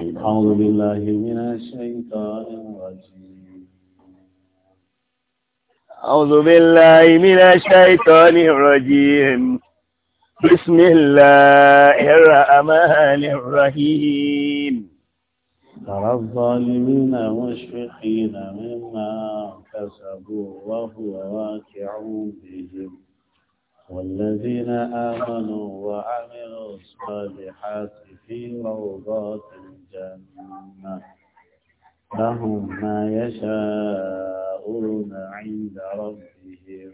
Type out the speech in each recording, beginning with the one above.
أعوذ بالله من الشيطان الرجيم أعوذ بالله من الشيطان الرجيم بسم الله الرحمن الرحيم ترى الظالمين مشفقين مما كسبوا وهو واقع بهم والذين آمنوا وعملوا الصالحات في روضات الجنة لهم ما يشاءون عند ربهم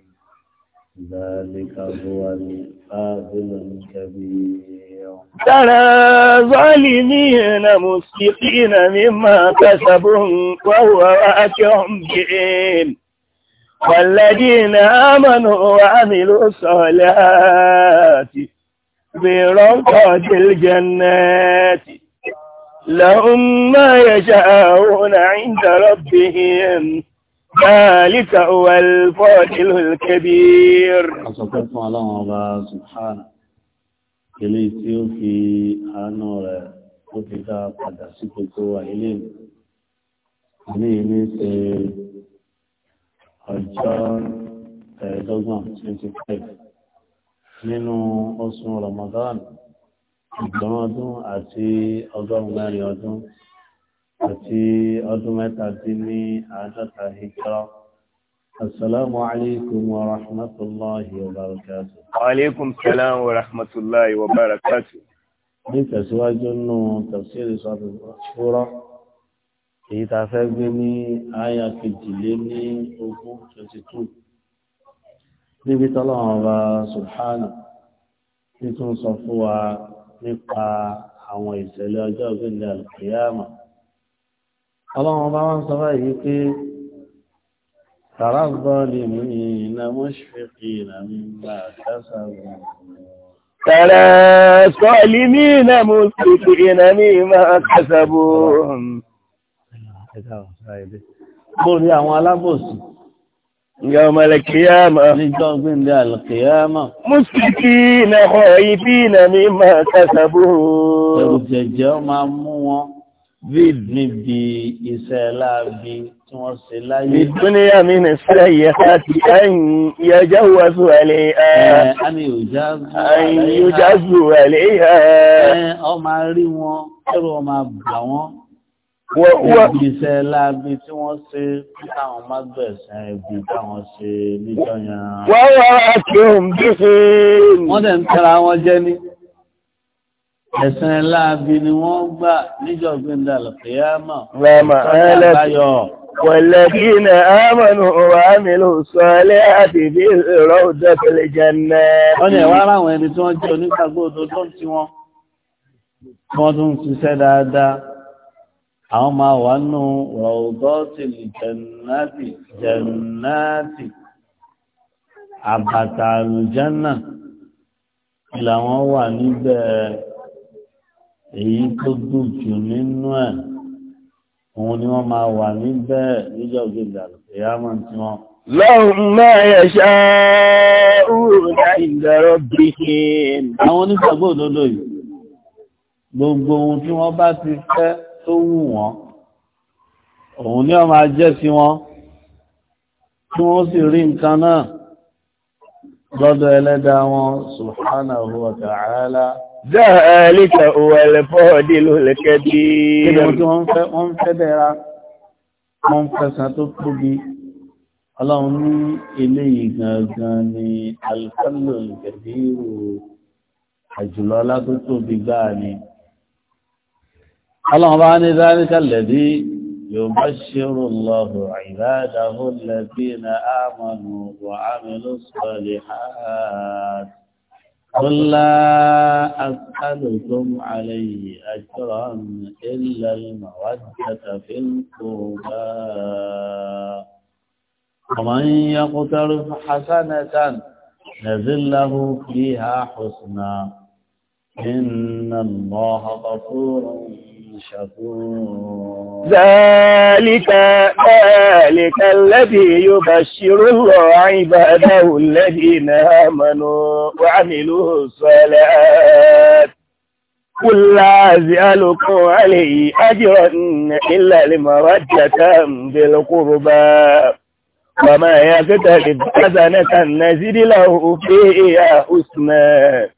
ذلك هو الفاضل الكبير ترى ظالمين مشفقين مما كسبوا وهو واجع بهم والذين آمنوا وعملوا الصالحات في روضات الجنات لهم ما يشاءون عند ربهم ذلك هو الفاضل الكبير حسبت على الله سبحانه كلي tí ó fi àánú rẹ̀ ó fi dá padà sí ọjọ́ ẹ̀ẹ́dọ́gbọ̀n twenty five nínú oṣù Ramadan ìgbọ̀n ọdún àti ọgọ́rùn mẹ́rin ọdún àti ọdún mẹ́ta dín ní àádọ́ta hijra. السلام عليكم ورحمة الله وبركاته وعليكم السلام ورحمة الله وبركاته من تسواج تفسير صفحة الشورى èyí tá a fẹ́ gbé ní àyà kejìlé ní ogún twenty two níbi tọ́lọ́wọ́n ọba subhanahu títún sọ fún wa nípa àwọn ìṣẹ̀lẹ̀ ọjọ́ ìgbìndà al-qiyama ọlọ́wọ́n bá wọ́n sọ báyìí pé tàrà zalimina mushfiqina mimma kasabu tàrà zalimina mushfiqina mimma kasabu Bóòrí àwọn alábòsí. Ìyá ọmọ ẹlẹ́kìyàmọ̀ níjọ́ gbíndẹ̀ alẹ́kìyàmọ̀. Mùsùlùmí iná ọkọ̀ yìí bí iná mi máa kẹsàbó. Ẹ̀rù jẹ̀jẹ̀ máa mú wọn bí níbi iṣẹ́ láabi tí wọ́n ṣe láyé. Ìdúnníyà mi nì sílẹ̀ yẹ láti ẹ̀yìn ìyọjọ́ wọ́sù ẹ̀lẹ́ ẹ̀. ìyọjọ́ wọ́sù ẹ̀lẹ́ Ọmọ rí wọn, ẹ̀rù ọmọ bà wọn. Ìgbìsẹ̀ láàbí tí wọ́n ṣe táwọn má gbẹ̀sẹ̀ ibi táwọn ṣe níjọ́ yẹn. Wọ́n wá kí o ń bí fi. Wọ́n dẹ̀ ń tẹ́ra wọn jẹ́ ní. Ẹ̀sẹ̀ láàbí ni wọ́n gbà níjọ́ gbẹ̀ndà lọ́kìyàmọ̀. Rẹ̀mà ẹlẹ́bí. والذين آمنوا وعملوا الصالحات في روضة الجنة wọ́n ní ẹ̀wọ́ ara àwọn ẹni tí wọ́n jẹ́ onígbàgbọ́ òdodo tí wọ́n tún ṣiṣẹ́ dáadáa àwọn máa wà nù rọ̀gọ́tìlì jẹ̀nàtì jẹ̀nàtì àbàtà àlùjánà làwọn wà níbẹ̀ èyí tó dùn jù nínú ẹ̀ òun ni wọ́n máa wà níbẹ̀ níjọ́ gbèdà ìyá mọ̀ tí wọ́n. lọ́hùn máa yẹ ṣáá òòrùn ìgbàrọ̀ bí i. àwọn onígbàgbọ́ òdodo yìí gbogbo ohun tí wọ́n bá ti fẹ́ tó wù wọ́n òun ní ọmọ ajẹ́ sí wọn tí wọ́n sì rí nǹkan náà lọ́dọ̀ ẹlẹ́dà wọn subhanahu wa ta'ala ذلك هو الفضل الكبير wọ́n fẹ́ dẹ̀ra wọ́n fẹ́ tó tóbi ọlọ́run ní ilé ìgangan ni alfẹ́lò ìgbẹ̀bí ìrò àjùlọ látó gbáà ni اللهم عن ذلك الذي يبشر الله عباده الذين آمنوا وعملوا الصالحات قل لا أسألكم عليه أجرا إلا المودة في القربى ومن يقترف حسنة نزل له فيها حسنا إن الله غفور شكور ذلك ذلك الذي يبشر الله عباده الذين آمنوا وعملوا الصلاة قل لا أسألكم عليه أجرا إلا لمرجة بالقربى وما يكتسب حسنة نزد له فيها حسنا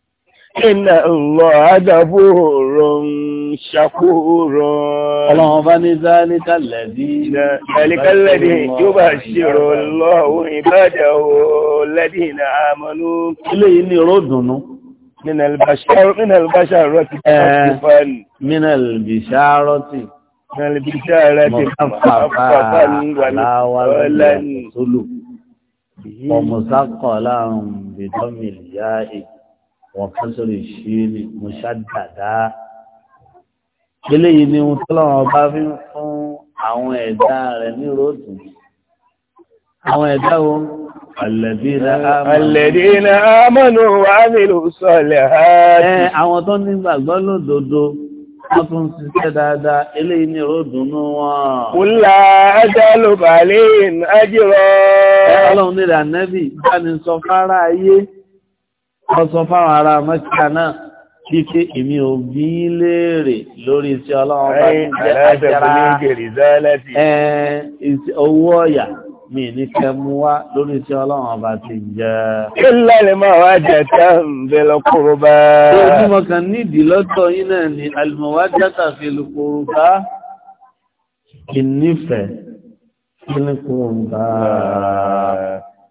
Iná lọ àdàbòrò ń ṣàkóró. Ọlọ́run bá ní záníkà lẹ́dí. Ẹ̀lẹ́kà lẹ́dí yóò bá ṣèrò lọ́wọ́ ìbádẹ̀ o lẹ́dí ìnà àmọ́nú. Ilé yìí ní ròdùnú. Minal basharati kafan. Minal bisharati. Minal bisharati kafan wàláwàlá tólù. Ọmọ sákọ̀ láàrùn bìdọ́mìlì yáà wọ̀kásọ̀rọ̀ ìṣírí mọ́ṣáàdàdá. eléyìí ni ohun tó lọ́wọ́ bá fi ń fún àwọn ẹ̀dá rẹ̀ ní ròdù. àwọn ẹ̀dá wo alladina amanu wa amilu salihati. ẹ àwọn tó nígbàgbọ́ lódodo wọ́n tún ṣiṣẹ́ dáadáa eléyìí ní ròdù nú wọn. kúlà ajalu balẹ̀ ajírọ̀. ọlọ́run nílẹ̀ ànẹ́bì bá ní sọ fárá wọ́n sọ fáwọn ará mẹ́kà náà bí pé èmi ò bí léèrè lórí iṣẹ́ ọlọ́run bá ti jẹ́ àjẹrà owó ọ̀yà mi ní kẹ mú wá lórí iṣẹ́ ọlọ́run bá ti jẹ́. kí ni àlùmọ̀wá jẹ́ta fi lùkùrù ká kí ní kùrù ń bá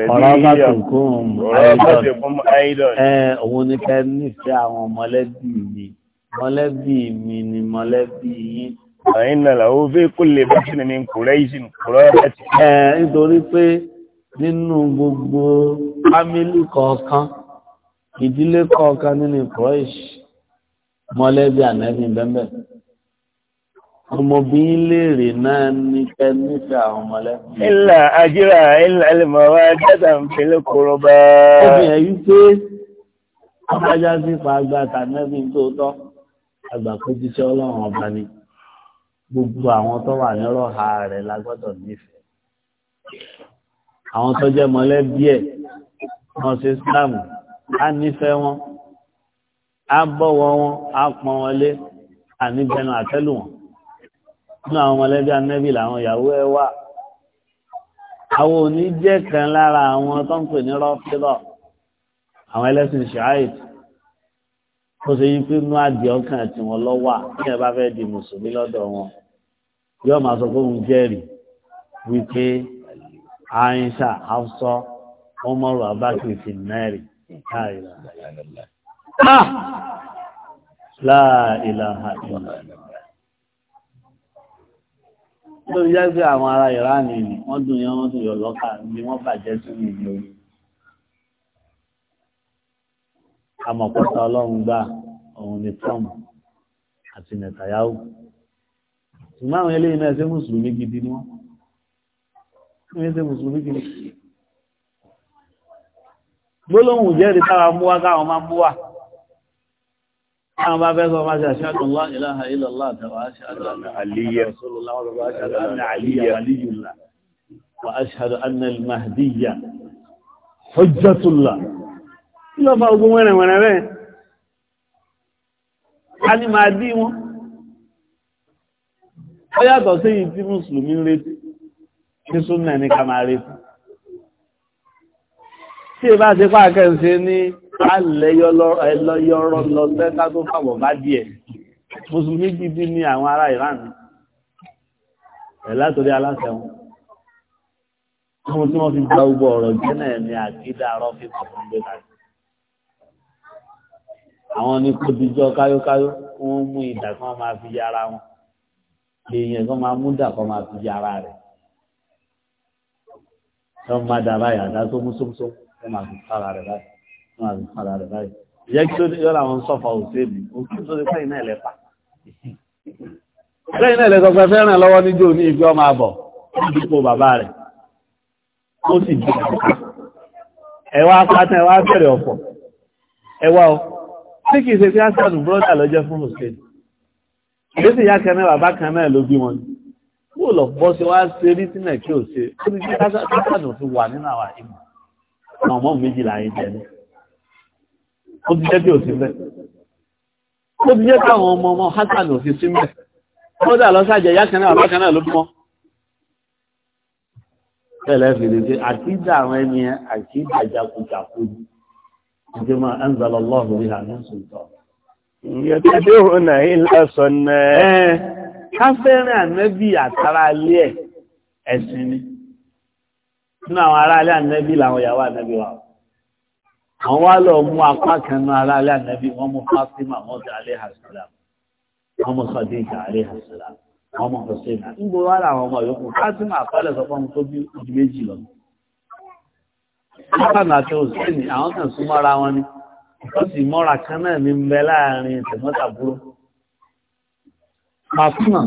Òun ni kẹ́ nífẹ́ àwọn mọ̀lẹ́bí mi. Mọ̀lẹ́bí mi ni mọ̀lẹ́bí yín. Àyín náà làwọ́ fẹ́ kó lè bá sí ni kùrẹ́ ìsìn kùrẹ́ ẹ̀tì. Ẹ nítorí pé nínú gbogbo fámílì kọ̀ọ̀kan, ìdílé kọ̀ọ̀kan nínú kùrẹ́ ìsìn mọ̀lẹ́bí ànẹ́bí bẹ́ẹ̀ bẹ́ẹ̀ ọmọbìnrin léèrè náà ní kẹ nífẹ̀ẹ́ àwọn ọmọlẹ́kùn. ilà àjírà ilà ẹlẹ́mọ̀wá dáadáa ń fẹ́lẹ́ kúrò bá. obìnrin yìí pé abájá sí pa àgbà tànẹ́bí tó tọ́ àgbà kó jíṣẹ́ ọlọ́run ọba ni gbogbo àwọn tó wà nírọ̀ ha rẹ̀ la gbọ́dọ̀ nífẹ̀ẹ́. àwọn tó jẹ́ mọ̀lẹ́bí ẹ̀ wọ́n ṣe Islam á nífẹ̀ẹ́ wọn á bọ̀wọ̀ wọn á pọ́n wọlé àníbẹ̀nu àtẹ́lù wọn nínú àwọn mọ̀lẹ́bí anẹ́bí làwọn ìyàwó ẹ wà àwọn òní jẹ́ kan lára àwọn tó ń pè ní rọ́fílọ̀ àwọn ẹlẹ́sìn ṣááìtì tó ṣe yí pé inú àdì ọkàn tí wọn lọ wà tí ẹ bá fẹ́ di mùsùlùmí lọ́dọ̀ wọn yóò máa sọ pé òun jẹ́rìí wípé àìsà afsọ wọn mọ̀rọ̀ abákìrì ti náírì láàrín tó ń jẹ́ pé àwọn ará ìránì ni wọ́n dùn yán wọ́n tún yọ lọ́kà ni wọ́n bàjẹ́ sí ní ìlú orí amọ̀pọ̀ta ọlọ́run gbà òun ni Trump àti Netanyahu ṣùgbọ́n àwọn eléyìí náà ṣe mùsùlùmí gidi ni wọ́n wọ́n ṣe mùsùlùmí gidi gbólóhùn jẹ́rìí táwa mú wá káwọn máa mú wá àwọn bá fẹ́ sọ máa ṣe àṣíwájú ńlá ìlàhà ìlàlá àtàwà aṣíwájú àlìyà wàlíyùlá wà aṣíwájú annalmahdiya hujjatullah lọ fa ogun wẹ́rẹ̀ wẹ́rẹ̀ rẹ̀ a ní máa dí wọn ó yàtọ̀ sí yìí a lẹ yọrọ lọ sẹ́ká tó fàwọ̀ bá díẹ̀ mùsùlùmí gidi ni àwọn ará Iran ẹ̀ látòrí aláṣẹ wọn àwọn tí wọ́n fi gba gbogbo ọ̀rọ̀ jẹ́ náà ni àkídà rọ́fì kọ̀ọ̀kan gbé láti àwọn ní kó dijọ́ káyókáyó kí wọ́n mú ìdà kí wọ́n fi yára wọn máa mú dà tó mú sómsó ẹ máa fi sára rẹ̀ báyìí wọn àti padà rẹ̀ báyìí ìyẹn kí ló dé yọ́ra àwọn sọ́fà òṣèlú òkú tó ti pẹ́yìn náà lẹ́pa lẹ́yìn náà lẹ́sọ pé fẹ́ràn lọ́wọ́ níjó ní ibi ọmọ àbọ̀ dípò bàbá rẹ̀ ó sì di ẹwà apáta ẹwà bẹ̀rẹ̀ ọ̀pọ̀ ẹwà ọ tí kìí ṣe tí a sọ̀nù bọ́dà lọ́jọ́ fún òṣèlú èyí sì yá kan náà bàbá kan náà ló bí wọn kó lọ bọ́ sí wá ṣe rí sínú ẹ̀ kí ò ṣe ó ti jẹ́ kásánù ti wà nínú àwọn ìmọ̀ àwọn ọmọ méjìlá ó ti jẹ́ bí ò sí bẹ́ẹ̀ ó ti jẹ́ káwọn ọmọ ọmọ Hassan ò sí sí mẹ́ ó dà lọ́sàjẹ̀ ìyá kan náà bákan ló bímọ tẹ́lẹ̀ fi ní pé àkídà àwọn ẹni àkídà jakujaku ìjọ máa ń zàlọ lọ́ọ̀rù ní àná sùntọ̀. ìyẹ̀tẹ̀dẹ̀ òun náà ilẹ̀ sọ̀nà ẹ̀ ká fẹ́ràn àwọn wá lọ mú apá kan náà ara alẹ́ ànábì wọ́n mú Fátímà wọ́n ti alẹ́ àṣìlá wọ́n mú Khadija alẹ́ àṣìlá wọ́n mú Hussein níbo wá làwọn ọmọ yòókù Fátímà àpálẹ̀ sọ fún tó bí ojú méjì lọ. Fátímà àti Hussein àwọn kan súnmọ́ra wọn ni wọ́n sì mọ́ra kan náà ní mbẹ láàrin tẹ̀mọ́tàbúrò. Fátímà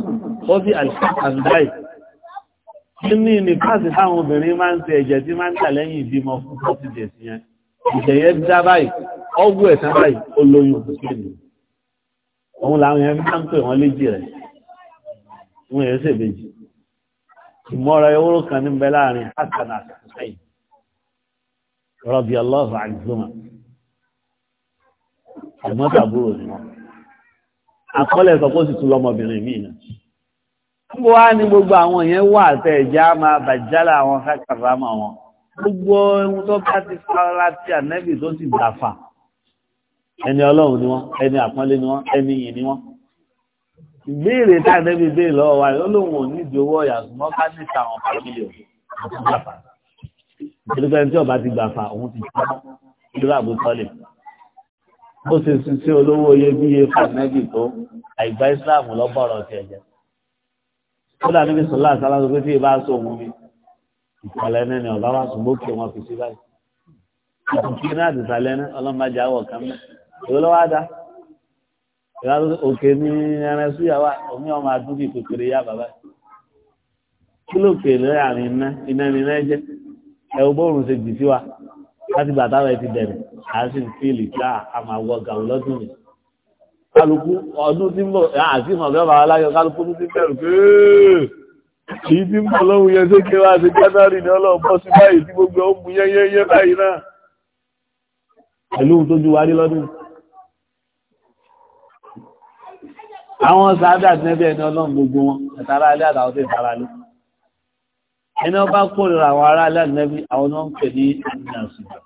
wọ́n fi àlùfáà báyìí nínú ìnìkàsí táwọn obìnrin máa ń tẹ ẹ̀jẹ̀ tí máa ń tà lẹ́yìn ìbímọ fún fọ́tí dẹ̀sí yẹn ìjẹ̀yẹ dá báyìí ọgbọ́ ẹ̀sán báyìí ó lóyún òṣèlú òun làwọn èèyàn máa ń pè wọ́n léjì rẹ̀ wọ́n èèyàn ṣèbejì ìmọ̀ra ewúro kan ní bẹ láàrin hasan àti hussein rọbì ọlọ́ọ̀fà àìsùnmọ̀ ẹ̀gbọ́n tàbúrò ni wọ́n àkọọ́lẹ̀ sọ pé ó sì tún lọ́mọbìnrin míì náà gbogbo wa ni gbogbo àwọn yẹn wà tẹ̀ ẹ̀já máa bàjálà àwọn kákàrà máa wọn gbogbo ohun tó bá ti sára tí ànẹ́bì tó ti dàfà ẹni ọlọ́run ni wọ́n ẹni àpọ́nlé ni wọ́n ẹni yìí ni wọ́n ìbéèrè tá ànẹ́bì béèrè lọ́wọ́ wa yóò lóun ò ní ìdí owó ọ̀yà ṣùgbọ́n ká ní ìta àwọn fámìlì ọ̀hún àti gbàfà ìdílé tí ọba ti gbàfà òun ti tọ́ ìdúró àbútọ́lẹ̀ bó ṣe sun sí olówó iyebíye fàmẹ́bì tó àìgbá ìsìláàmù lọ́bọ̀rọ̀ ti ẹ̀jẹ̀ kódà níbi sọ̀lá àṣálá sọ pé tí ì bá sọ òun ìsàlẹ̀ náà ni ọ̀bá wa sùn wọn fi sí báyìí náà ti lọ́wọ́ àdá òkè ní ẹran omi ọmọ àdúgbò kékeré yá bàbá kí ló kè lórí àárín iná iná ni iná jẹ ẹ o bóòrùn ṣe jì sí wa láti bàtà rẹ bẹ̀rẹ̀ à ń sì fíìlì a èyí tí ń bọ̀ lọ́hùn yẹn sókè wá sí jánárì ní ọlọ́run bọ́ sí báyìí tí gbogbo ó mú yẹ́yẹ́yẹ́ báyìí náà pẹ̀lú ohun tó ju wárí lọ́dún. àwọn sáádà tí nẹ́bí ẹni ọlọ́run gbogbo wọn ẹ̀tara alẹ́ àtàwọn tó ìtara lé ẹni ọba kórìíra àwọn ará alẹ́ nẹ́bí àwọn náà ń pè ní ìrìnà ṣùgbọ́n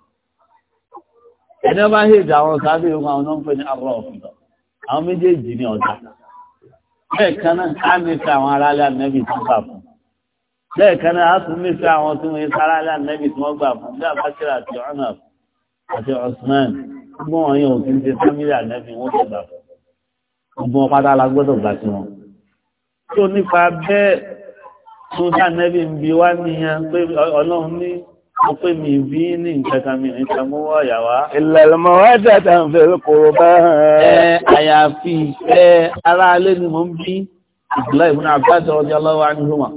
ẹni ọba hèjì àwọn sáádà ìwọ̀n àwọn náà ń pè ní àbúrò ọ̀fìdọ̀ lẹ́ẹ̀kan náà á nífẹ̀ẹ́ àwọn aráàlú ànẹ́bì tó gbà fún lẹ́ẹ̀kan náà á tún nífẹ̀ẹ́ àwọn tó ń sá aráàlú ànẹ́bì tó wọ́n gbà fún bí abákẹ́rẹ́ àti ọ̀nà àti Osman gbogbo wọn yóò kí n ṣe fámílì ànẹ́bì wọ́n tó gbà fún gbogbo wọn pátá la gbọ́dọ̀ gbà sí wọn. tó nípa bẹ́ẹ̀ tó sá ànẹ́bì ń bi wá nìyẹn pé Ọlọ́run ní mo pé mi bí ní nǹkankan mi ní ìtàmúwọ́ àyàwá. ìlàlọ́mọ wá dàda ń fẹ́ kó o bá. ẹ àyàfi ẹ ara alẹ́ ni mo ń bí ìgbìlá ìbúná àbájọ ọdí ọlọ́wọ́ ánìhùmá.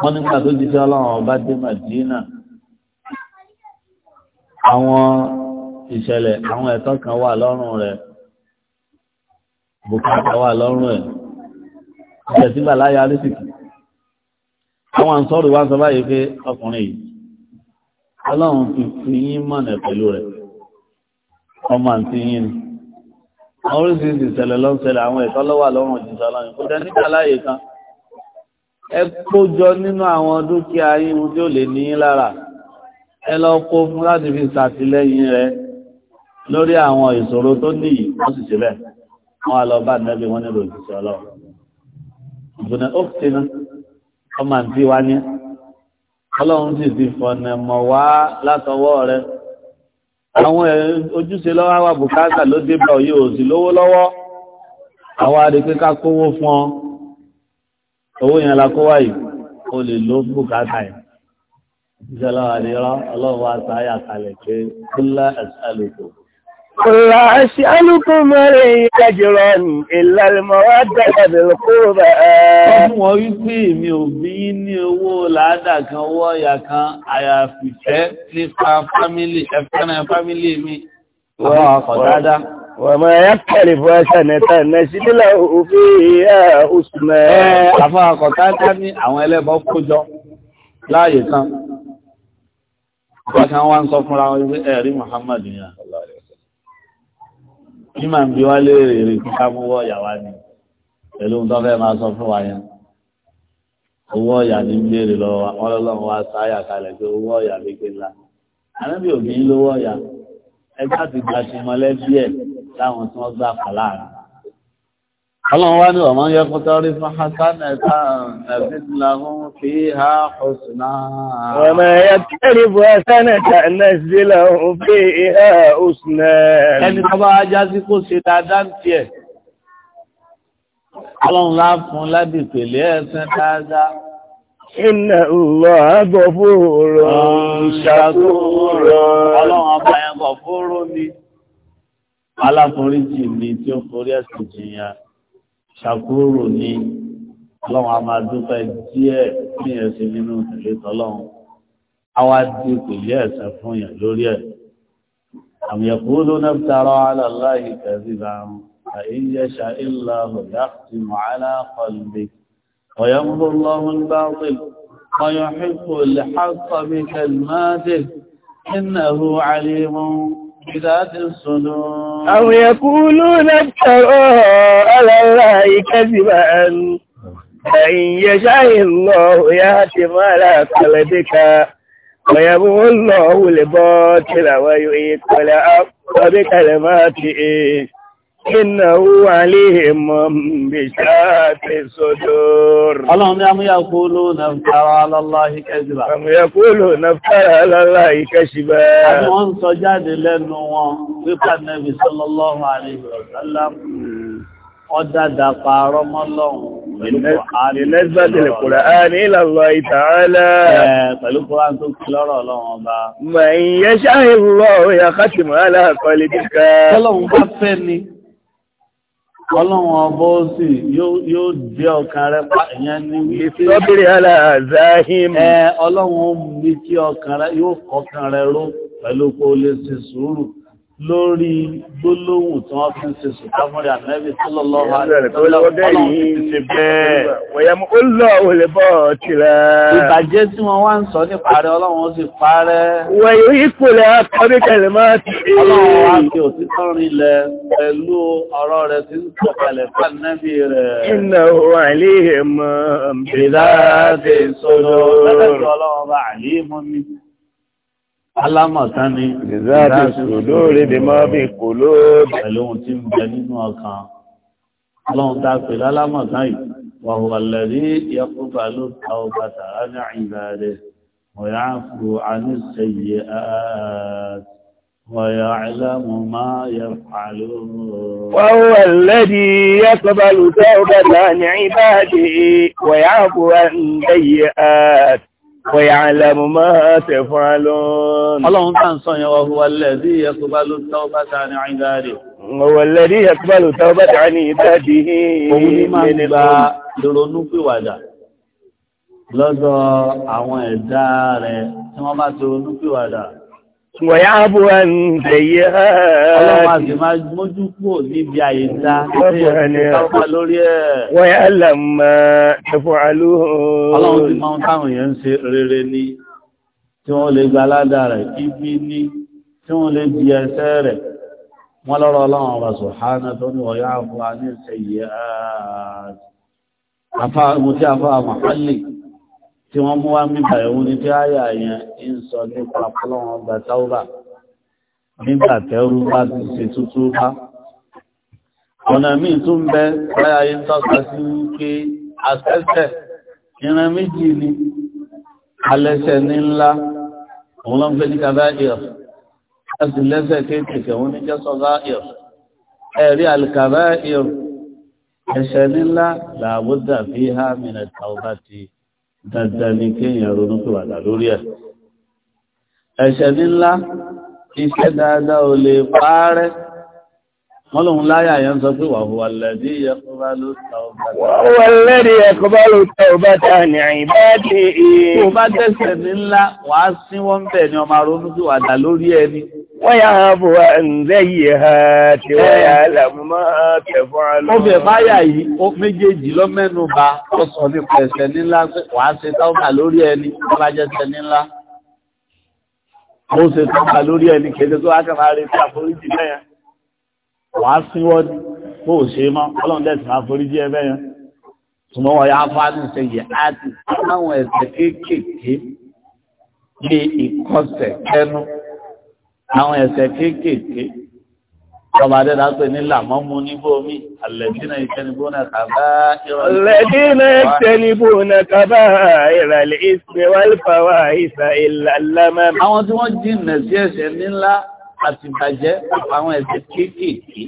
wọ́n nígbà tó ti fi ọlọ́run ọba dé Màdínà. àwọn ìṣẹ̀lẹ̀ àwọn ẹ̀tọ́ kan wà lọ́rùn rẹ̀ bùkátà wà lọ́rùn ẹ̀ ìṣẹ̀sígbà láyé arísìkì àwọn àǹsọ́rù wá sọ báyìí pé ọkùnrin yìí ọlọ́run ti fi yín mọ̀nà pẹ̀lú rẹ̀ ọmọ àǹtí yín ni àwọn oríṣiríṣi ìṣẹ̀lẹ̀ ló ń ṣẹlẹ̀ àwọn ẹ̀tọ́ ló wà lọ́rùn òjìṣẹ́ ọlọ́run kò dẹ́ níta láàyè kan ẹ kójọ nínú àwọn dúkìá yín tí ó lè ní yín lára ẹ lọ kó fún láti fi ṣàtìlẹ́yìn rẹ̀ lórí àwọn ìṣòro tó níyì wọ́n sì ṣe bẹ́ẹ̀ wọ́n á lọ bá nẹ́bí wọn nílò òjìṣẹ́ ọlọ́run ìgbóná ó ti náà ọmọ àti wa ní ọlọ́run sì ti fọ̀nà mọ̀ wá látọwọ́ rẹ àwọn ojúṣe lọ́wọ́ wà bùkátà ló débà òye òsì lówó lọ́wọ́ àwọn adìpé ká kówó fún ọ owó yẹn la kó wá yìí o lè ló bùkátà yìí ìṣẹ́lọ́wọ́ àdìrọ́ ọlọ́run wa sáyà kalẹ̀ pé kúlá ẹ̀sẹ̀ lòkòó قل لا أسألكم عليه أجرا إلا المودة بالقربى Ọmọ wọn wípé èmi ò bí ní owó làádà kan owó ọ̀yà kan àyàfi fẹ́ nípa fámílì ẹ̀fẹ́ràn fámílì mi. Àwọn àkọ̀dáadá. Wọ́n máa yá pẹ̀lú fún ẹsẹ̀ nẹ́ta ẹ̀mẹ́sí nílẹ̀ òfin ìyá oṣù mẹ́. Àwọn àkọ̀dáadá ní àwọn ẹlẹ́bọ kójọ láàyè kan. Wọ́n kan wá ń sọ fúnra wọn ẹ̀rí Mùhàmmad ní màá bí wá léèrè rè kí ká mówó ọ̀yà wá ni pẹ̀lú ohun tó fẹ́ máa sọ fún wa yẹn owó ọ̀yà ní béèrè lọ́wọ́ wa wọ́n lọ́wọ́ wa sáyà kalẹ̀ pé owó ọ̀yà gbégbé ńlá ànábì òbí lówó ọ̀yà ẹgbẹ́ àti gbàṣẹ ẹ̀ láwọn tí wọ́n gbà fà láàrin ọlọ́run wá ní ọmọ yẹ kó tọ́rí fún hasánẹ̀ta nàbí lahun fi ha hùsùnà. ọmọ yẹ tọ́rí fún hasánẹ̀ta nàbí lahun fi ha hùsùnà. ẹni tó bá ajá sí kó ṣe dáadáa ń tiẹ̀. ọlọ́run lá fún lábì pèlè ẹ̀sìn dáadáa. Iná lọ àgọ̀ fòrò ṣàkóòrò. Ọlọ́run ọba yẹn gọ̀ fòrò ni. Aláforíjì mi tí ó forí ẹ̀sìn jìyàn ṣàkúrò ní ọlọ́run a máa dúpẹ́ díẹ̀ ní ẹ̀sìn nínú ìtẹ̀lé tọ́lọ́run a wá di ìpìlẹ̀ ẹ̀sẹ̀ fún yẹn lórí ẹ̀ àmì ẹ̀kọ́ ló náà tààrọ aláàláyé kẹsìlá àìyẹ́ṣà ìlà ọ̀yá ti mọ̀ọ́lá kọlùbí ọ̀yọ́mbó lọ́run bá pè ọ̀yọ́ بذات الصدور أو يقولون افتروا على الله كذبا فإن يشاء الله يهتم على قلبك ويبغى الله الباطل ويؤيك الحق بكلماته Innahu alihimum bishati sudur. Ọlọ́run ni a mú yà kúlò nàftara aláláhì kẹsìbà. A mú yà kúlò nàftara aláláhì kẹsìbà. A ní wọ́n sọ jáde lẹ́nu wọn wípà nẹ́bì sallallahu alaihi wa sallam. Ọdádà pààrọ̀ mọ́lọ́run بالنسبة للقرآن إلى الله تعالى من يشاء الله يختم على قلبك Ọlọ́run ọbọ́ sì yóò jẹ́ ọkàn rẹ pa ìyẹn ní wípé. Lọ́bìnrin aláàzáhìm. Ẹ Ọlọ́run ní kí ọkàn rẹ yóò kọkàn rẹ ró pẹ̀lú pé lè ṣe sùúrù lórí gbólóhùn tí wọ́n fi ń ṣe sùkámọ́rí ànẹ́bí tó lọ́lọ́ ìbàjẹ́ tí wọ́n wá ń sọ ní parẹ́ ọlọ́run sì parẹ́ wẹ̀yẹ̀ ìpòlẹ̀ akọrí kẹlẹ̀mọ́ ti ọlọ́run wá fi òtítọ́ rinlẹ̀ pẹ̀lú ọ̀rọ̀ rẹ̀ tí ń sọ kalẹ̀ fánẹ́bí rẹ̀ iná wà ní ìmọ̀ ìdáàdì sọ́dọ̀ alámọ̀tán ni ìzáàtì sòdó rèdè máa bí kò ló pẹ̀lú ohun tí ń bẹ nínú ọkàn ọlọ́run tá a pè lálámọ̀tán yìí wàhùwà lẹ́rí yẹkúbà ló ta ọba tàà ní àyìnbá rẹ̀ wọ̀yá fò àníṣẹ́yẹ ààtì ويعلم ما يفعلون وهو الذي يقبل توبة عن عباده ويعفو عن سيئات ويعلم ما تفعلون اللهم كان صنع وهو الذي يقبل التوبة عن عباده هو الذي يقبل التوبة عن عباده من الظلم lọ́dọ̀ àwọn ẹ̀dá rẹ̀ tí wọ́n bá ti ronúpìwàdà Wọ̀yáàbò ẹ̀ǹdẹ̀ yẹ́ ọlọ́pàá máa mójú kúrò níbi àyíká lórí ẹ̀. Wọ́yá lẹ́mọ̀ ẹ̀fọ́ alóhùn. Ọlọ́run ti máa ń táwọn èèyàn tí wọ́n lè di ẹsẹ̀ rẹ̀. Wọ́n lọ́rọ̀ ọlọ́run ọba Sùhánà tó ní wọ̀yáàbò ẹ̀ǹdẹ̀ yẹ́ àti àfáà tí wọ́n mú wá nígbà ẹ̀wú ní tí àyà yẹn ń sọ nípa ọlọ́run ọgbà táwọ́bà nígbà tẹ́rú bá ti ṣe tútú bá. ọ̀nà míì tún bẹ láyà yìí ń tọ́ka sí wípé àṣẹ́ṣẹ́ ìran méjì ni alẹ́ṣẹ̀ ní ńlá òun ló ń gbé ní kàbáyọ̀ láti lẹ́ṣẹ̀ kéékèèké òun ní jẹ́ sọ́gáyọ̀ ẹ̀rí àlùkàbáyọ̀ ẹ̀ṣẹ̀ ní ńlá làbúdà fi hàmìnà táwọ́bà ti dandan ni kéèyàn ronú tó wàdà lórí ẹ̀ ẹ̀ṣẹ̀ ní ńlá iṣẹ́ dáadáa ò lè parẹ́ wọ́n lòun láyà yẹn sọ pé wàhùwà lẹ́dí ẹkọ́bá ló ta ọba tá. wàhùwà lẹ́dí ẹkọ́bá ló ta ọba tá ní àyíbáàdì ìyẹn. tó bá tẹ̀sẹ̀ ní ńlá wàá sí wọ́n bẹ̀ ni ọmọ arónú sí wàdà lórí ẹni. wọ́n yà á bò wá ǹzẹ́ yìí ha tí wọ́n yà lọ. ọbẹ̀ báyà yìí ó méjèèjì wà á síwọ́ bó o ṣe mọ́ ọlọ́run dẹ̀sìn máa forí jẹ́ ẹgbẹ́ yẹn tùmọ̀ wọ́n yá fáánù ṣe yẹ áàtì láwọn ẹ̀ṣẹ̀ kéékèèké bí ìkọsẹ̀ kẹnu àwọn ẹ̀ṣẹ̀ kéékèèké ọba adẹ́dá pé ní làmọ́mú níbò mí alẹ́dínà ìtẹnibónà kàbá ìrọ̀lẹ́ àwọn tí wọ́n jìnnà sí ẹ̀ṣẹ̀ ńlá àti ìbàjẹ́ àwọn ẹ̀ṣẹ̀ kéékèèké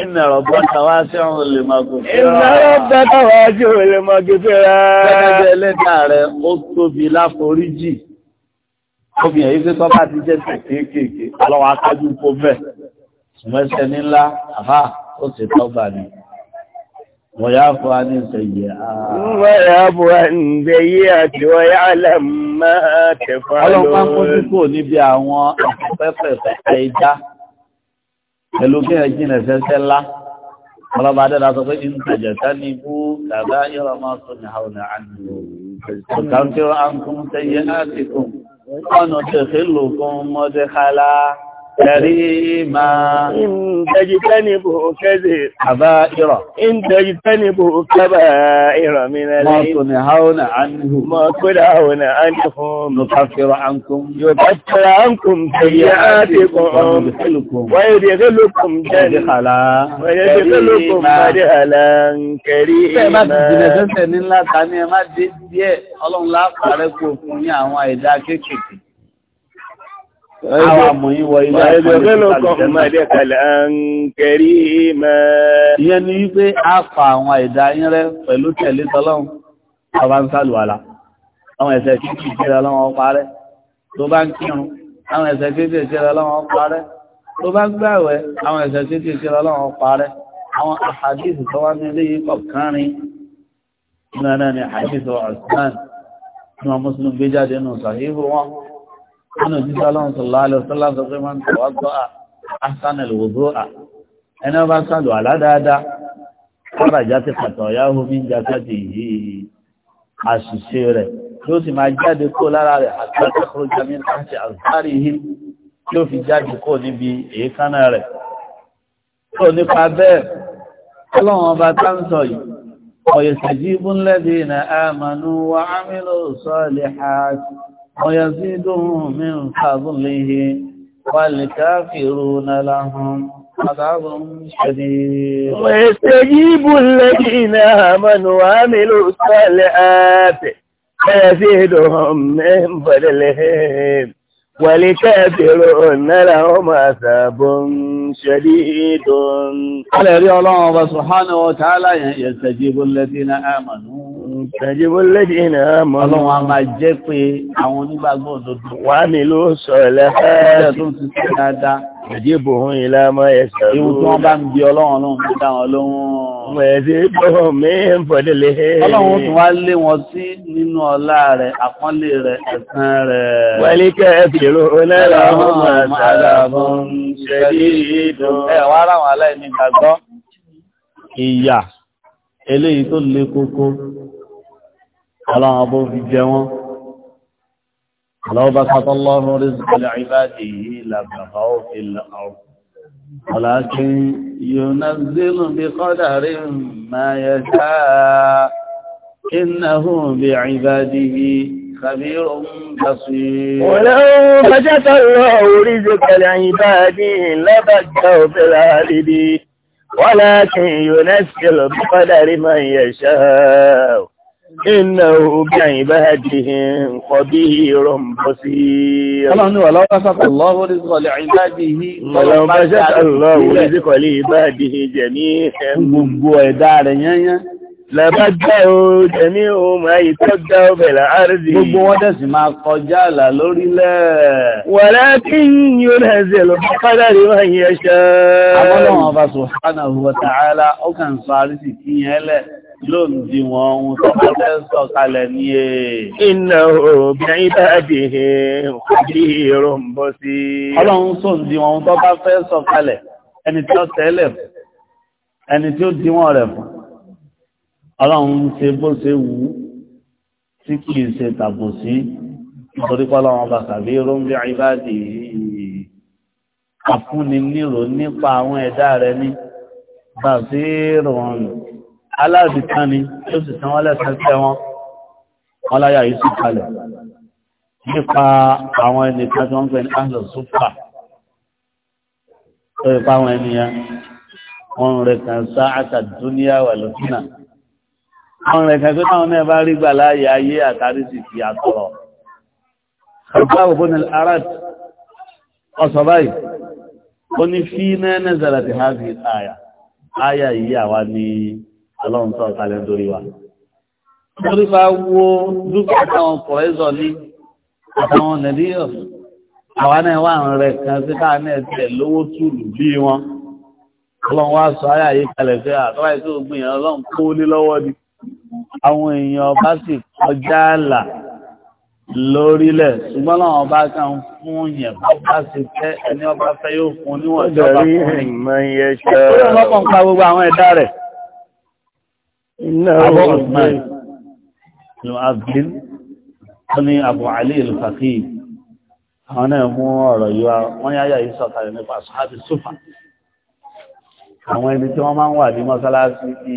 Iná rọ̀bọ̀ tàwá sí ọ̀run lè máa gùn fẹ́ra. Iná rọ̀bọ̀ tàwá sí ọ̀run lè máa gùn fẹ́ra. Gẹ́gẹ́ ẹlẹ́dà rẹ̀, ó tóbi láforíjì. Obìnrin yìí pé tọ́ba ti jẹ́ tẹ̀ kéékèèké, ọlọ́wọ́ akájú kó bẹ̀. Ṣùgbọ́n ẹsẹ̀ ní ńlá, àbá, ó ti tọ́gbà ni. ويعفو عن السيئات ويعفو عن السيئات ويعلم ما تفعلون Ọlọ́run máa ń kójú kò níbi àwọn pẹ́pẹ̀pẹ́ ìdá pẹ̀lú kí ẹ jìnà sẹ́sẹ́ ńlá. Ọlọ́ba Adẹ́dà sọ pé ìntàjẹ̀ tání bú tàbá yọ́rọ̀ máa sọ ní àwọn àánú. Ọ̀tàntí ọ̀hánkún sẹ́yẹ áàtìkùn. Ọ̀nà tẹ̀fẹ́ lòkun mọ́dẹ́kálá. Kẹ̀ríma. Ìjẹjìtẹ́ni bò kẹ́dẹ̀ àbá ìrọ̀. Ìjẹjìtẹ́ni bò kẹ́bà ìrọ̀ mi rẹ̀. Mọ́tòní haúnà ánìhù. Mọ́tòdá haúnà ánìhù. Nùkàfẹ́rọ̀ àǹkùn. Yóò bá tẹ́rà àǹkùn tẹ̀yẹ àtìkùn. Wọ́n yóò dẹ̀ kẹ́lùkùn jẹ́ni. Wọ́n yóò dẹ̀ kẹ́lùkùn mọ́dé hàlà kẹ̀ríma. Bẹ́ẹ̀ bá ti jìnà sẹ́sẹ̀ ní ńlá Ìyẹn ni wípé a fa àwọn ẹ̀dá yín rẹ pẹ̀lú tẹ̀lé tọ́lọ́run, ọba ń sàlùwàlá. Àwọn ẹ̀ṣẹ̀ kéèkì ìṣẹ́ra lọ́wọ́ parẹ́, tó bá ń kírun, àwọn ẹ̀ṣẹ̀ kéèkì ìṣẹ́ra lọ́wọ́ parẹ́, tó bá ń gbàwẹ̀, àwọn ẹ̀ṣẹ̀ kéèkì ìṣẹ́ra lọ́wọ́ nínú jíjá lọ́run sọ̀lá alẹ́sọ́lá sọ pé máa ń tọ̀wá gbọ́ àṣánà ìwòdó à ẹni ọba sàlù àládáadáa kọ́ra ìjà ti pàtàkì ọ̀yá omi ń jata di yìí àṣìṣe rẹ̀ yóò sì máa jáde kó lára rẹ̀ àti akẹ́kọ̀ọ́ jami láti àzárí yìí yóò fi jáde kó níbi èékánná rẹ̀ tó nípa bẹ́ẹ̀ ọlọ́run ọba tá ń sọ yìí ọ̀yẹ̀sẹ̀ jíbúnlẹ́dì ní àmàlú wa ámìlú sọ́ọ̀lì àti ويزيدهم من فضله والكافرون لهم عذاب شديد ويستجيب الذين آمنوا وعملوا الصالحات ويزيدهم من فضلهم ولكافرون لهم عذاب شديد قال يا الله سبحانه وتعالى يستجيب الذين آمنوا Tàjíbólẹ́dìnà mọ́. Ọlọ́run a máa jẹ́ pé àwọn onígbàgbọ́ òdodo. Wà á nílò sọ̀lẹ́ fẹ́ẹ́ tó ti sí dáadáa. Tàjíbò hún ilá mọ́ ẹ̀sẹ̀ lóòrùn. Ewu tí wọ́n bá ń bi ọlọ́run ọlọ́run tó dá wọn lóhùn. Mọ̀ ẹ̀sẹ̀ gbọ́ mi ń fọ̀dẹ̀lẹ̀. Ọlọ́run tún wá lé wọn sí nínú ọlá rẹ̀, àpọ́nlé rẹ̀, ẹ̀san rẹ̀. Wẹ́lí kẹ́ ẹ fèrò onára wọn máa dára fún ṣẹ́yí ìdùn. Ẹ wá ara wọn aláìní gbàgbọ́. Ìyà eléyìí tó le koko ọlọ́run bó fi jẹ wọ́n lọ́wọ́ bá sátọ́ lọ́rùn rízùkúlẹ̀ ìbáàdì yìí làbàbà ó fi lọ́rùn ọ̀làkín yónàzílù bí kọ́dàrí máa yẹ sáà innahu bí ìbáàdì yìí خبير بصير ولو بجت الله رزق العباد لبكوا في العالمين ولكن ينزل بقدر من يشاء إنه بعباده خبير بصير الله ولو بسط الله رزق لعباده ولو بسط الله رزق لعباده جميعا gbogbo ẹ̀dá rẹ̀ yányá làbájá o jẹ̀mí o máa ìtọ́jà ọbẹ̀là àrùdì gbogbo wọ́n dẹ̀sì máa kọjá àlà lórílẹ̀ walakin yunazzilu biqadari ma yasha àmọ́lọ́wọ́n ọba subhanahu wa ta'ala ó kàn sọ àrísì kíyàn ẹlẹ́ ló ń e. di wọn ohun tó bá fẹ́ sọ kalẹ̀ ní e. iná obìnrin bá dé bí irú ń bọ́ sí. ọlọ́run tó ń di wọn ohun tó bá fẹ́ sọ kalẹ̀ ẹni tí ó tẹ́lẹ̀ fún ẹni tí ó di wọn rẹ̀ fún ọlọ́run aláàbìkan ni tó sì tán wọ́n lẹ́sẹ̀ẹ́sẹ́ wọn wọ́n láyà yìí sí kalẹ̀ nípa àwọn ẹnìkan tí wọ́n ń pè ní áńlọ̀ súpà tó ipa àwọn ènìyàn wọ́n rẹ̀ kàn sá àtàdúníà wà lọ́tínà wọ́n rẹ̀ kàn tó táwọn náà bá rí gbà ayé àtàrí sì fi àtọ̀rọ̀ ọ̀pá òbó ni arat ọ̀sọ̀ báyìí ó ní fí náà nẹ́zẹ̀rẹ̀ ti há fi àyà yìí àwa ni ọlọ́run sọ kalẹ̀ nítorí wa. nítorí bá wo dúkìá táwọn pọ̀ẹ́sọ̀ ní àtàwọn nàìjíríà àwa náà wà ń rẹ̀ kan sí káà náà tẹ̀ lówó túlù bí wọn. ọlọ́run wá sọ ayé àyè kalẹ̀ fẹ́ àtọ́wá ètò ògùn yẹn ọlọ́run kó lé lọ́wọ́ ni. àwọn èèyàn bá sì kọjá àlà lórílẹ̀ ṣùgbọ́n náà ọba kan fún yẹn bá sì tẹ́ ẹni ọba fẹ́ yóò fún níwọ̀n ìjọba fún yẹn. ó lè lọ́pọ̀ ń pa gbogbo àwọn ẹ̀dá rẹ̀. Abu Osman ló Abdul wọ́n ní Abu Ali al-Faqih àwọn náà mú ọ̀rọ̀ yíwá wọ́n yáyà yìí sọ̀kalẹ̀ nípa Sọ́hábì Súfà. Àwọn ẹni tí wọ́n máa ń wà ní mọ́sálásí bí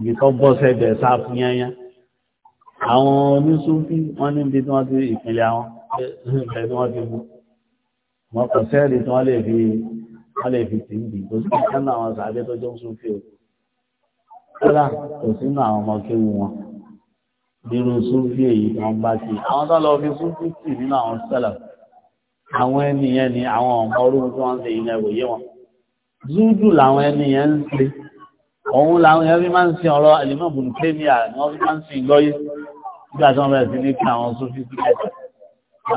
ibi tó bọ́ sẹ́gbẹ̀ẹ́ sáfù yányá. Àwọn oníṣúfí wọ́n níbi tí wọ́n ti ìpínlẹ̀ àwọn ìpínlẹ̀ tí wọ́n ti mú wọn tí wọ́n lè fi wọ́n tó sì kí kódà kò sínú àwọn ọmọ kéwu wọn nínú súnfì èyí tó ń bá sí àwọn tó lọ fi súnfì tì nínú àwọn sẹlẹ àwọn ènìyàn ni àwọn ọmọ orúkọ tó ń ṣe ilẹ̀ wòye wọn zúdù làwọn ènìyàn ń ṣe òun làwọn èèyàn fi máa ń sin ọ̀rọ̀ ẹlẹ́mọ̀ bùnú kéèmíà ni wọ́n fi máa ń sin lọ́yé nígbà tí wọ́n bẹ̀rẹ̀ sí ní kí àwọn súnfì sí ẹ̀sẹ̀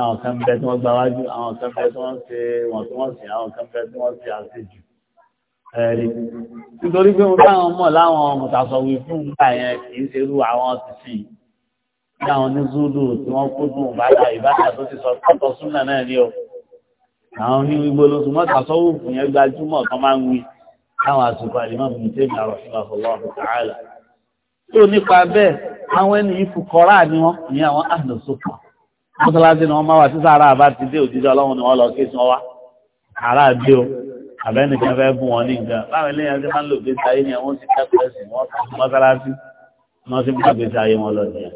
àwọn kan bẹ tí wọ́n gbáwájú àwọn kan bẹ tí wọ́n ṣe wọ̀n tí wọ́n ṣe àwọn kan bẹ tí wọ́n ṣe àṣejù ẹ̀rí nítorí pé wọ́n táwọn mọ̀ láwọn mọ̀tàsọ̀wé fún ìgbà yẹn kì ṣe irú àwọn tìsìn ní àwọn onízúdù tí wọ́n kó dùn bàtà ìbátà tó ti sọ pọ́tọ̀ súnà náà ní o àwọn ní gbogbo lóṣù mọ̀tàsọ̀wé fún yẹn gbajúmọ̀ kan máa ń wí láwọn àsìkò àlìmọ́ mi tẹ́ mi àrọ̀ tó nípa bẹ́ẹ̀ àwọn ẹni àbẹ́nìkan fẹ́ gún wọn ní nǹkan báwọn ilé yẹn ti máa ń lò gbèsè ayé ni àwọn ti kẹ́kọ̀ọ́ ẹ̀sìn wọn kàkí mọ́sálásí wọn ti máa gbèsè ayé wọn lọ nìyẹn.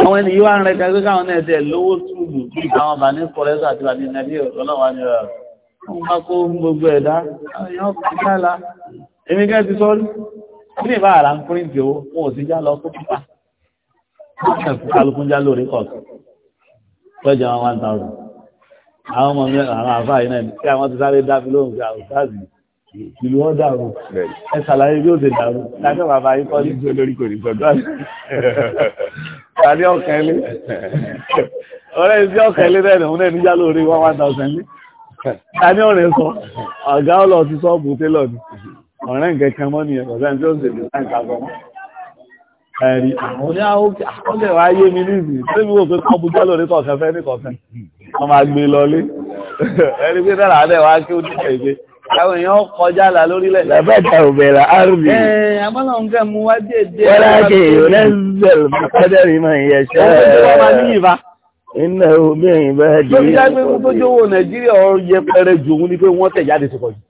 àwọn ènìyàn wà ń rẹ kẹgbẹ́ káwọn náà tẹ̀ lówó túùbù bí àwọn bá ní kọ́lẹ́sọ̀ àti bá nàbí ọlọ́wà ni rẹ̀ wọ́n bá kó gbogbo ẹ̀dá àwọn kàkàlà èmi kẹ́ ti sọ́rí àwọn ọmọ mi àwọn àfáà yìí náà tí àwọn ti sáré dábí lóhùn sí àwòsáàzì ìlú wọn dàrú ẹ ṣàlàyé bí ó ṣe dàrú lájọ bàbá yìí kọ́ ní olórí kò ní sọ́dọ̀ àti ọkàn ilé ọ̀rẹ́ ìsí ọkàn ilé rẹ̀ nìhun náà níjà lórí one one thousand ní tani ọ̀rẹ́ sọ ọ̀gá ọlọ́ọ̀ sọ́ọ̀bù télọ̀ ni ọ̀rẹ́ nǹkan kan mọ́ nìyẹn kọ̀ọ̀sẹ́ ní tí ó ń ṣèlú ẹ̀rí àwọn ní àwọn ọlẹ̀ wá yé mi níbi tẹ́bí wò pé kọ́bù jọ́lọ̀ ní kọ̀ọ̀kan fẹ́ ní kọ̀ọ̀kan wọ́n máa gbé lọlé ẹni pé dára àdẹ̀ wá kí ó dìkẹ̀ ìgbé àwọn èèyàn kọjá là lórílẹ̀. làbàtà òbẹ̀rà rb. ẹ abọ́lá ń fẹ́ mu wá déédéé. wọ́n láti onẹ́sẹ̀l kọ́dẹ̀rì máa ń yẹsẹ̀. wọ́n máa ní ìbá. iná obìnrin bá di. lórí jágbé tó jówó nàìjíríà ọ yẹpẹrẹ jù òun ni pé wọ́n tẹ̀ jáde ti pọ̀ jù.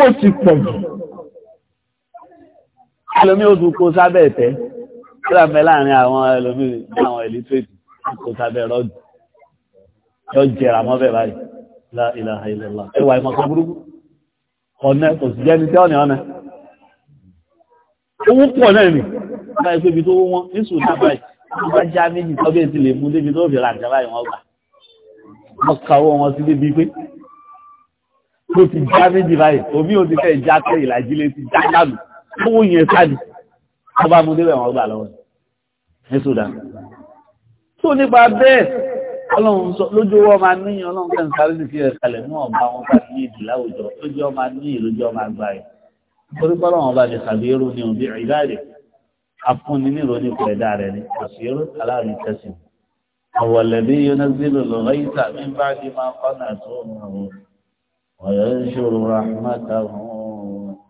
ó ti pọ̀ jù ẹlòmí ó tún kó sábẹ́ ẹ̀tẹ́ tó dà bẹ́ láàrin àwọn ẹlòmí àwọn ìlítírètì kó sábẹ́ rọ́ọ̀dù yọ jẹrà mọ́ bẹ́ẹ̀ báyìí la ilaha illallah ẹwà ìmọ̀kan burúkú ọ̀nà kò sì jẹ́ni tẹ́ ọ̀nà ọ̀nà owó pọ̀ náà nì báyìí pé ibi tó wọ́n ní sùdá báyìí wọ́n bá já méjì tọ́bí sí débi pé tẹ́ ìlàjì lè owó yẹn sáàdì ọba múdébẹ̀ wọn gbà lọ́wọ́ ní Sudan tó nípa bẹ́ẹ̀ ọlọ́run sọ lójú ọwọ́ máa ní ọlọ́run kẹ́ ń sáré sí ẹ̀ kalẹ̀ ní ọba wọn bá ní èdè láwùjọ lójú ọmọ ní lójú ọmọ àgbà rẹ̀ nítorí pé ọlọ́run ọba lè sàbí irú ni òbí ìgbà rẹ̀ afúnni ní ìrònú rẹ̀ ni kò sí aláàrin tẹ̀sìn ọ̀wọ̀lẹ̀bí yonazilo lọ́rọ̀ ìta mi bá di máa kọ́nà tó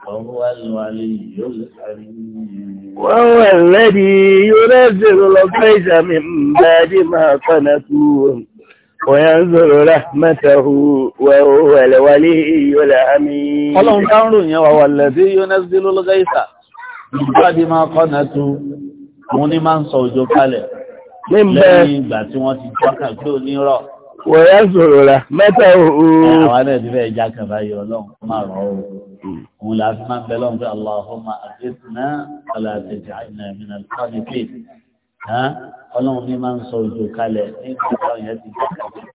وهو الولي الحميد وهو الذي ينزل الغيث من بعد ما قنطوا وينزل رحمته وهو الولي الحميد اللهم تعالوا وهو الذي ينزل الغيث من بعد ما قنطوا mo ní máa ń sọ òjò kalẹ̀ lẹ́yìn ìgbà tí wọ́n yá sọ̀rọ̀ rà mẹ́ta ooo. àwọn náà ti fẹ́ já kan báyìí ọlọ́run kó máa rọ̀ ọ́ hmm. òun là á fi máa ń bẹ lọ́run pé Allahumma àgbẹ̀sìnà ní máa ń sọ òjò kalẹ̀ nígbà táwọn yẹn ti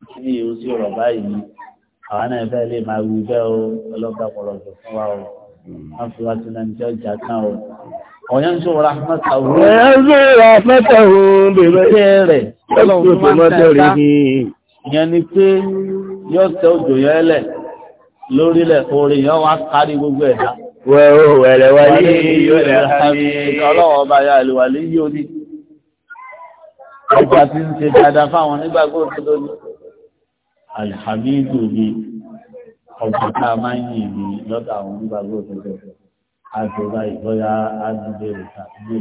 kí ni yóò sì rọ̀ báyìí àwọn náà fẹ́ lè máa wí bẹ́ẹ̀ o ọlọ́gbà pọ̀lọ̀ jù fún wa o wọ́n hmm. fi wá sí náà jẹ́ ọjà kan o. ọ̀yán ń sọ̀rọ̀ rahmata òun ìyẹn ni pé yóò tẹ òjò yẹn lẹ̀ lórílẹ̀ orin yẹn wá kárí gbogbo ẹ̀dá. wẹ́ẹ̀rọ wẹ̀rẹ̀ wá ní ìyó rẹ̀ hàmì ọlọ́wọ́ ọba ya àlùwà lè yí òní. ọba ti ń ṣe dáadáa fáwọn nígbàgbọ́ òdodo ni. alhamidu ni ọba tá a máa ń yìn ní lọ́dọ̀ àwọn nígbàgbọ́ òdodo àjọba ìgbọ́ya ádùúgbò rẹ̀ tàbí